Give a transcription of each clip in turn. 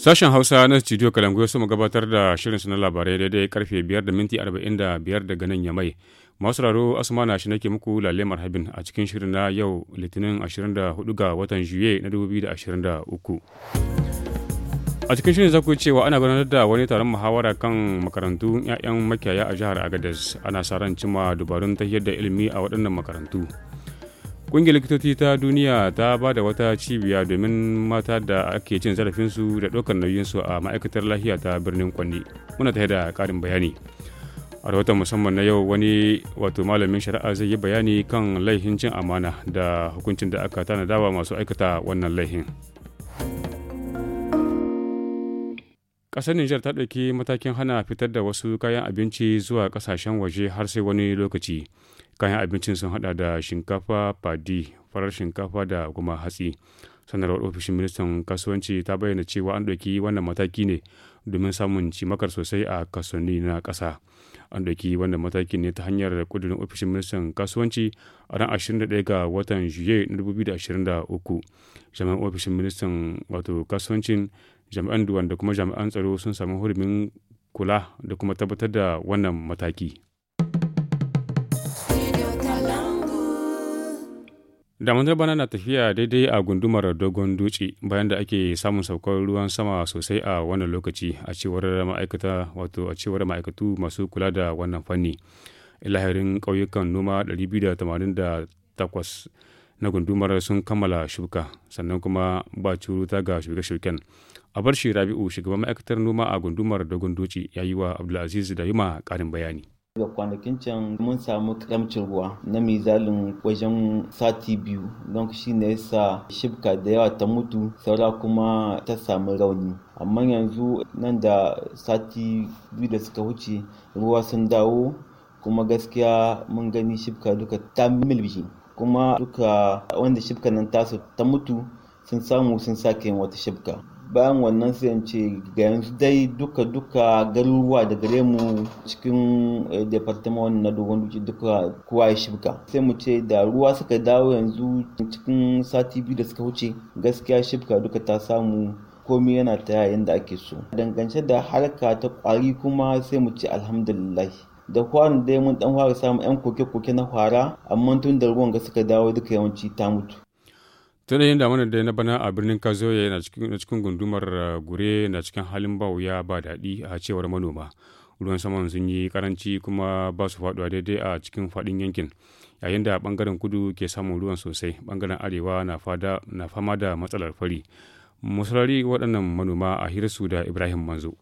Sashen Hausa na Studio Kalangoyo su gabatar da shirin na labarai daidai karfe 5 da minti 45 daga nan Yamai. Masu raro Asmana shi nake muku lalle marhabin a cikin shirin na yau Litinin 24 ga watan Juye na 2023. A cikin shirin zaku cewa ana gudanar da wani taron muhawara kan makarantu 'ya'yan makiyaya a jihar Agadez ana sa ran cima dubarun tahiyar da ilimi a waɗannan makarantu. ƙungiyar likitoci ta duniya ta ba da wata cibiya domin mata da ake cin zarafinsu da ɗaukar nauyinsu a ma'aikatar lafiya ta birnin kwanni muna tare da ƙarin bayani a rahoton musamman na yau wani wato malamin shari'a zai yi bayani kan laifin cin amana da hukuncin da aka tanadawa masu aikata wannan laifin. ƙasar Nijar ta ɗauki matakin hana fitar da wasu kayan abinci zuwa ƙasashen waje har sai wani lokaci. Kayan abincin sun haɗa da shinkafa fadi, farar shinkafa da kuma hatsi. Sanarwar ofishin ministan kasuwanci ta bayyana cewa an ɗauki wannan mataki ne domin samun cimakar sosai a kasuwanni na ƙasa. An ɗauki wannan mataki ne ta hanyar ƙudurin ofishin ministan kasuwanci a ran 21 ga watan Juye na 2023. Jami'an ofishin ministan wato kasuwancin jami'an duwan da kuma jami'an tsaro sun samu hurumin kula da kuma tabbatar da wannan mataki damar bana na tafiya daidai a gundumar dogon dutse bayan da ake samun saukar ruwan sama sosai a wannan lokaci a cewar ma'aikata wato a cewar ma'aikatu masu kula da wannan fanni lahirin ƙauyukan noma 288 na gundumar sun kammala shuka sannan kuma ba curuta ga shuke-shuken a bar shi rabi'u shugaban ma'aikatar noma a gundumar da doci ya yi wa abdulaziz da yuma karin bayani da kwanakin can mun samu karamcin ruwa na mizalin wajen sati biyu don shi ne yasa shibka da yawa ta mutu saura kuma ta samu rauni amma yanzu nan da sati biyu da suka wuce ruwa sun dawo kuma gaskiya mun gani shibka duka ta milbishi kuma duka wanda shibka nan tasu ta mutu sun samu sun sake wata shibka bayan wannan sai in ce ga yanzu dai duka duka garuruwa da gare mu cikin eh, departement na dogon duki duka kowa ya shibka sai mu ce da ruwa suka dawo yanzu cikin sati biyu da suka wuce gaskiya shibka duka ta samu komi yana ta yayin da ake so dangance da harka ta kwari kuma sai mu ce alhamdulillah da kwanan dai mun dan fara samun yan koke-koke na fara amma tun da ruwan ga suka dawo duka yawanci ta mutu tun yin damana da na bana a birnin kazoya na cikin gundumar uh, gure na cikin halin ba wuya ba daɗi a cewar manoma ruwan saman sun yi karanci kuma ba su faɗuwa daidai a cikin faɗin yankin yayin da bangaren kudu ke samun ruwan sosai bangaren arewa na fama da matsalar fari musulari waɗannan manoma a hirsu da ibrahim manzo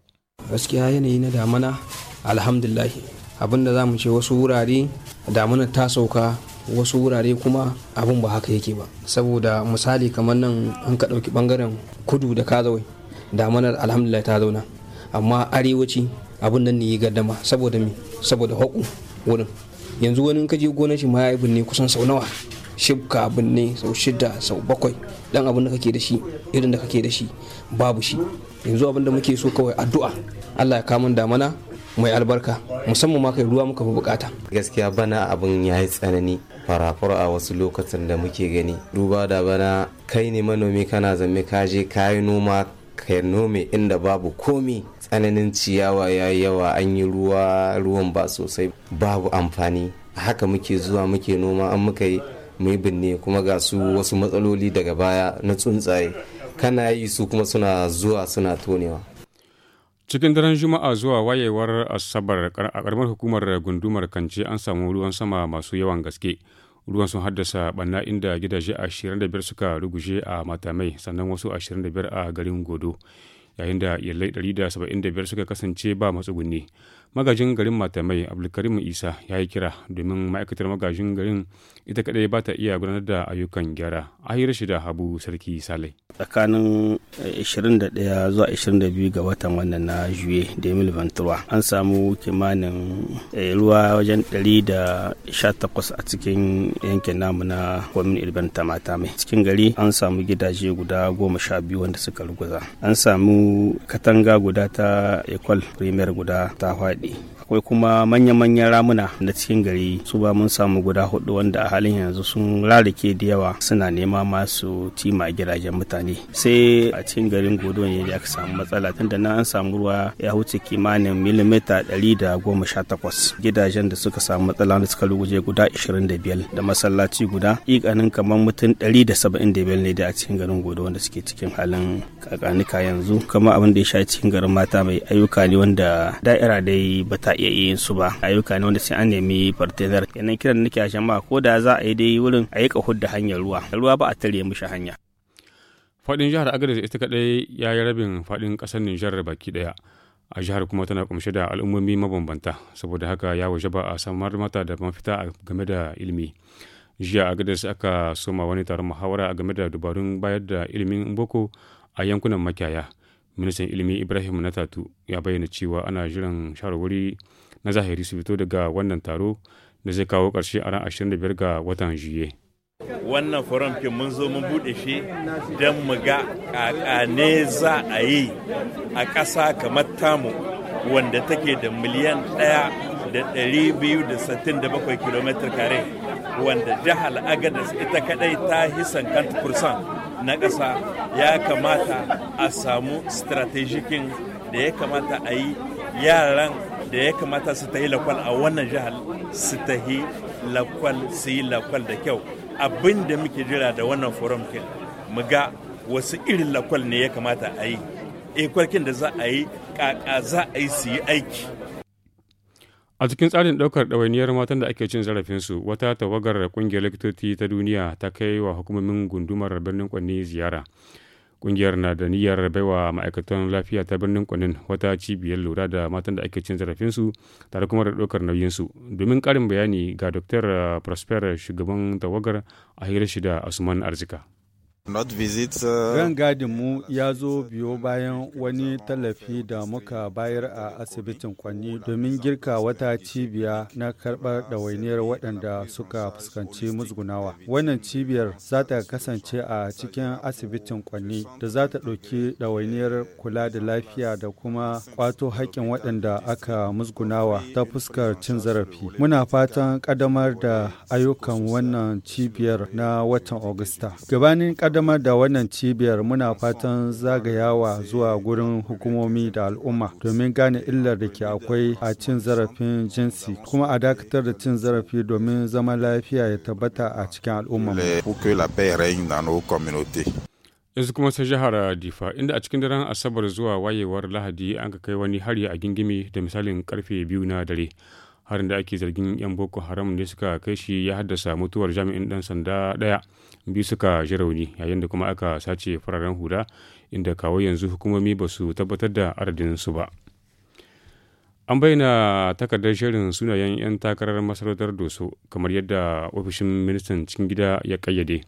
gaskiya yanayi na damana alhamdulahi abinda za mu ce wasu wurare damuna ta sauka wasu wurare kuma abin ba haka yake ba saboda misali kamar nan an ka ɗauki bangaren kudu da kazawai damunar alhamdulillah ta zauna amma arewaci abin nan ne ya gaddama saboda me saboda haƙu wurin yanzu wani ka je gonar shi ma ya binne kusan sau nawa shibka ne sau shida sau bakwai dan abin da kake da shi irin da kake da shi babu shi yanzu abin da muke so kawai addu'a Allah ya kamun damana mai albarka musamman ma kai ruwa muka fi bukata gaskiya bana abin ya yi tsanani farafar a wasu lokacin da muke gani duba da bana kai ne manomi kana zame ka je ka noma ka nome inda babu komi tsananin ciyawa ya yi yawa an yi ruwa ruwan ba sosai babu amfani haka muke zuwa muke noma an muka yi mai binne kuma ga su wasu matsaloli daga baya na tsuntsaye kana yi su kuma suna zuwa suna tonewa cikin daren juma'a zuwa wayewar asabar a karamar hukumar gundumar kance an samu ruwan sama masu yawan gaske ruwan sun haddasa banna inda gidaje 25 suka ruguje a matamai sannan wasu 25 a garin godo yayin da iyalai 175 suka kasance ba matsugunni magajin garin matamai abdulkarim isa ya yi kira domin ma'aikatar magajin garin ita kadai ba ta iya gudanar da ayyukan gyara a hira shi da habu sarki salai tsakanin 21 eh, zuwa 22 ga watan wannan na juye da emil an samu kimanin eh, ruwa wajen 118 a cikin yankin namu na kwamin ilban tamata mai cikin gari an samu gidaje guda goma sha biyu wanda suka ruguza an samu katanga guda ta ekol primaire guda ta faɗi akwai kuma manya-manyan ramuna na cikin gari su ba mun samu guda hudu wanda a halin yanzu sun rarrake da yawa suna nema masu tima gidajen mutane sai a cikin garin godo ne da aka samu matsala tunda nan an samu ruwa ya wuce kimanin milimita ɗari da goma sha takwas gidajen da suka samu matsala da suka ruguje guda da biyar da masallaci guda ikanin kamar mutum ɗari da da saba'in biyar ne da a cikin garin godo wanda suke cikin halin kakanika yanzu kamar abin da ya sha cikin garin mata mai ayyuka ne wanda da'ira dai dai ba ta iya yin su ba ayyuka ne wanda sai an nemi fartinar kenan kiran nake a jama'a ko da za a yi dai wurin a yi kahud da hanyar ruwa ruwa ba a tare mishi hanya faɗin jihar agadez ita kadai ya yi rabin faɗin ƙasar nijar baki ɗaya a jihar kuma tana kumshe da al'ummomi mabambanta saboda haka ya waje ba a samar mata da mafita game da ilimi jiya a gadis aka soma wani taron muhawara game da dubarun bayar da ilimin boko a yankunan makiyaya ministan ilimi ibrahim natatu ya bayyana cewa ana jiran shawarwari na zahiri su fito daga wannan taro da zai kawo karshe a ran 25 ga watan juye. wannan faramfin mun zo mun buɗe shi don mu ga ƙaƙane za a yi a ƙasa kamar tamu wanda take da miliyan ɗaya da ɗari biyu da da bakwai kilomitar kare wanda jihar agadas ita kaɗai ta hisan kanta na ƙasa ya kamata a samu strategikin da ya kamata a yi yaran da ya kamata su ta yi lakwal a wannan jihar su ta yi lakwal su yi lakwal da kyau abin da muke jira da wannan forum kin mu ga wasu irin lakwal ne ya kamata a yi ekwarkin eh, da za a yi kaka za a yi su yi aiki A cikin tsarin ɗaukar ɗawainiyar matan da ake cin zarafinsu, wata tawagar ƙungiyar likitoci ta duniya ta kai wa hukumomin gundumar birnin Kwanni ziyara. Ƙungiyar na da niyyar baiwa ma'aikatan lafiya ta birnin Kwannin wata cibiyar lura da matan da ake cin zarafinsu tare kuma da ɗaukar nauyinsu. Domin ƙarin bayani ga Dr. Eh, Prosper shugaban tawagar a hira shida Asuman Arzika. Uh, Rangadin mu ya zo biyo bayan wani tallafi da muka bayar a asibitin kwanni domin girka wata cibiya na karɓar ɗawainiyar waɗanda suka fuskanci musgunawa. Wannan cibiyar za ta kasance a cikin asibitin kwanni da za ta ɗauki ɗawainiyar kula da lafiya da kuma ƙwato haƙƙin waɗanda aka musgunawa ta fuskar cin zarafi. Muna fatan ƙaddamar da ayyukan wannan cibiyar na watan Agusta. Gabanin ƙaddamar da wannan cibiyar muna fatan zagayawa zuwa gurin hukumomi da al'umma domin gane illar da ke akwai a cin zarafin jinsi kuma a dakatar da cin zarafi domin zama lafiya ya tabbata a cikin al'umma. yanzu kuma sai jihar difa inda a cikin daren asabar zuwa wayewar lahadi an ka kai wani hari a gingimi da misalin karfe biyu na dare harin da ake zargin 'yan boko haram ne suka kai shi ya haddasa mutuwar jami'in dan sanda daya biyu suka ji rauni yayin da kuma aka sace fararen hula inda kawo yanzu hukumomi ba su tabbatar da su ba an bayyana takardar shirin sunayen 'yan takarar masarautar doso kamar yadda ofishin ministan cikin gida ya kayyade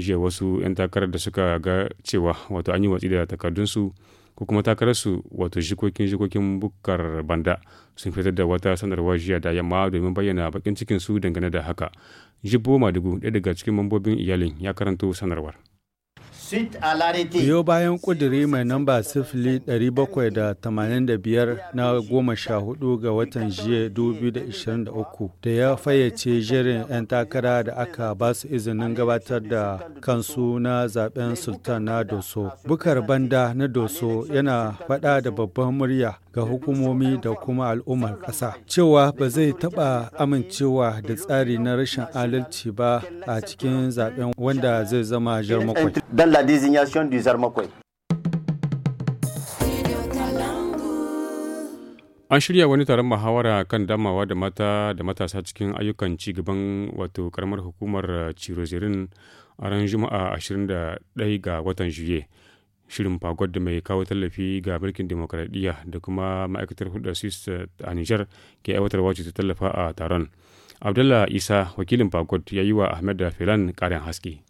jiya wasu 'yan takarar da suka ga cewa wato an yi watsi da takardunsu ko kuma takararsu wato shikokin shikokin bukar banda sun fitar da wata sanarwa jiya da yamma domin bayyana bakin cikin su dangane da haka jibbo madugu ɗaya daga cikin mambobin iyalin ya karanto sanarwar Biyo bayan ƙudiri mai namba sifili 785 na goma 14 ga watan jiya 2023 da ya fayyace jerin 'yan takara da aka ba su izinin gabatar da kansu na zaben sultan na doso. Bukar banda na doso yana faɗa da babban murya ga hukumomi da kuma al'ummar ƙasa cewa ba zai taɓa amincewa da tsari na rashin adalci ba a cikin zaben wanda zai zama jarmakwai. la désignation du Zarmakoy. An shirya wani taron muhawara kan damawa da mata da matasa cikin ayyukan ci gaban wato karamar hukumar Cirozirin a ran Juma'a 21 ga watan Juye. Shirin fagod da mai kawo tallafi ga mulkin demokradiyya da kuma ma'aikatar hudu a Nijar ke aiwatar wace ta tallafa a taron. Abdullah Isa wakilin fagod ya yi wa Ahmed da Filan ƙarin haske.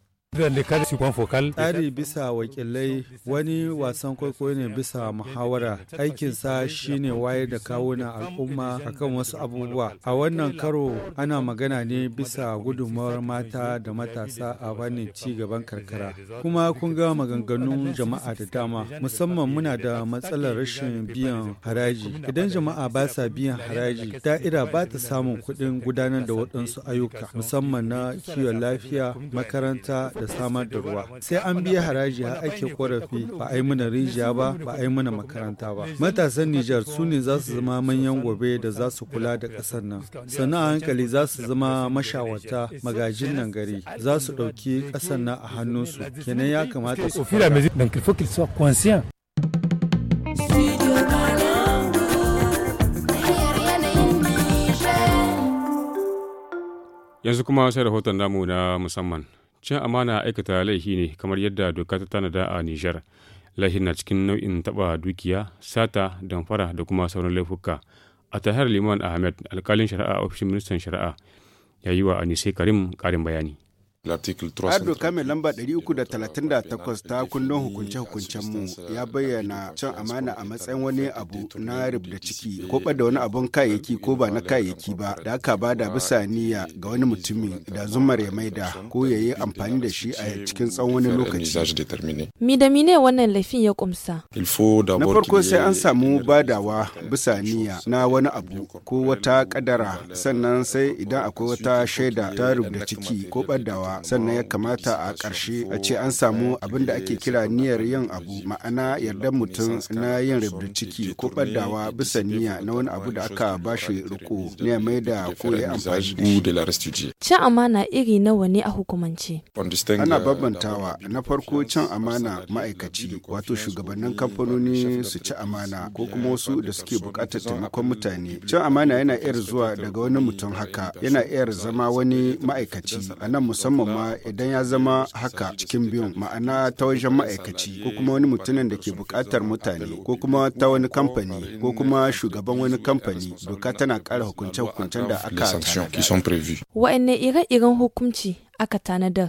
Tsari bisa wakilai wani wasan kwaikwayo ne bisa muhawara aikinsa shine wayar da kawunan al'umma akan wasu abubuwa. A wannan karo ana magana ne bisa gudunmawar mata da matasa a fannin ci gaban karkara. Kuma kun ga maganganun jama'a da dama musamman muna da matsalar rashin biyan haraji. Idan jama'a ba sa biyan haraji da'ira ba ta samun kuɗin gudanar da waɗansu ayyuka musamman na kiwon lafiya makaranta da samar da ruwa sai an biya haraji har ake korafi ba a yi mana rijiya ba ba a yi mana makaranta ba matasan Nijar su ne za su zama manyan gobe da za su kula da ƙasar nan sannan hankali za su zama mashawarta magajin nan gari za su ɗauki ƙasar nan a hannunsu kenan ya kamata su fara. yanzu kuma sai rahoton namu na musamman Cin amana a aikata laifi ne kamar yadda doka ta tanada a Nijar. Laifin na cikin nau'in taɓa dukiya, sata, damfara da kuma sauran laifuka. A tahar Liman Ahmed, alkalin shari'a a ofishin ministan shari'a, ya yi wa Anise Karim karin bayani. Ardo Kame lamba 338 ta kundin hukunce-hukuncen mu ya bayyana can amana a matsayin wani abu na rubda ciki ko da wani abun kayayyaki ko ba na kayayyaki ba da aka ba da bisa niyya ga wani mutumi da zumar ya maida ko ya yi amfani da shi a cikin tsawon wani lokaci. Mi da mine wannan laifin ya kumsa. Na farko sai an samu badawa bisa niyya na wani abu ko wata kadara sannan sai idan akwai wata shaida ta rubda ciki ko badawa sannan ya kamata a ƙarshe a ce an samu abin da ake kira niyyar yin abu ma'ana yardar mutum na yin rubda ciki ko ɓaddawa bisa niyya na wani abu da aka shi riko ne mai da ko ya amfani da Cin amana iri nawa ne a hukumance? Ana bambantawa na farko cin amana ma'aikaci wato shugabannin kamfanoni su ci amana ko kuma wasu da suke buƙatar taimakon mutane. Cin amana yana iya zuwa daga wani mutum haka yana iya zama wani ma'aikaci a nan musamman kuma idan ya zama haka cikin biyun ma'ana ta wajen ma'aikaci ko kuma wani mutumin da ke bukatar mutane ko kuma ta wani kamfani ko kuma shugaban wani kamfani doka tana kara hukunce-hukuncen da aka Waɗanne ire-iren hukunci aka tanadar.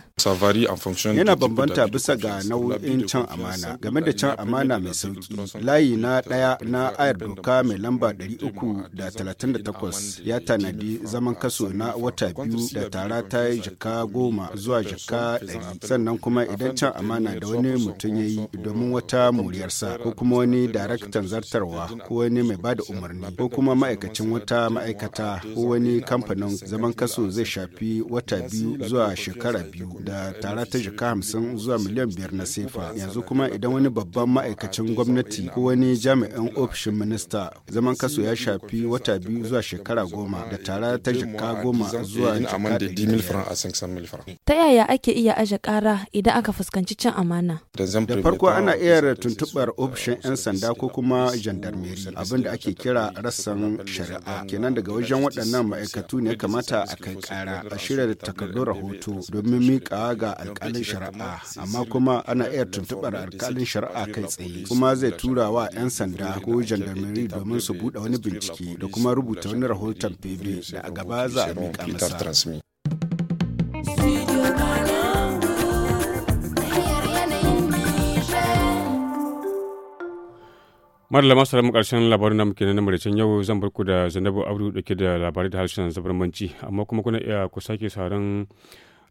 Yana bambanta bisa ga nau'in can amana. Game da can amana mai sauki, layi na ɗaya na ayar doka mai lamba 338 ya tanadi zaman kaso na wata biyu da tara ta jaka goma zuwa jaka ɗari. Sannan kuma idan can amana da wani mutum ya yi domin wata muryarsa ko kuma wani daraktan zartarwa ko wani mai bada umarni ko kuma ma'aikacin wata ma'aikata ko wani kamfanin zaman kaso zai shafi wata biyu zuwa shekara biyu da tara ta jika hamsin zuwa miliyan biyar na sefa yanzu kuma idan wani babban ma'aikacin gwamnati ko wani jami'in ofishin minista zaman kaso ya shafi wata biyu zuwa shekara goma da tara ta jika goma zuwa ta yaya ake iya aje kara idan aka fuskanci cin amana da farko ana iya tuntubar ofishin 'yan sanda ko kuma jandarmeri abinda ake kira rassan shari'a kenan daga wajen waɗannan ma'aikatu ne kamata a kai kara a shirya takardun rahoto su domin mika ga alkalin shari'a amma kuma ana iya tuntubar alkalin shari'a kai tsaye kuma zai tura wa 'yan sanda ko jandarmeri domin su buɗe wani bincike da kuma rubuta wani rahoton febe da a gaba za a mika masa. Madalla masu mu karshen labarin na muke na maraicen yau zan barku da Zainabu Abdu dake da labarai da harshen zabarmanci amma kuma kuna iya ku sake sauran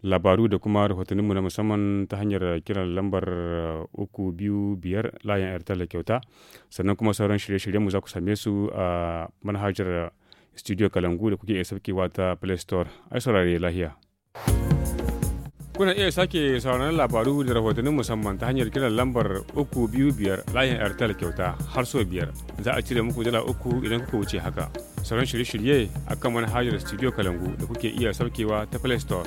labaru da kuma rahotanninmu na musamman ta hanyar kiran lambar uh, uku biyu biyar layan airtel da kyauta sannan kuma sauran shirye-shiryenmu za ku same su a manhajar studio kalangu da kuke iya saukewa ta play store ai saurare lahiya kuna iya sake sauraron labaru da rahotannin musamman ta hanyar kiran lambar uku biyu biyar layin airtel kyauta har so biyar za a cire muku dala uku idan kuka wuce haka sauran shirye-shirye akan manhajar studio kalangu da kuke iya saukewa ta play store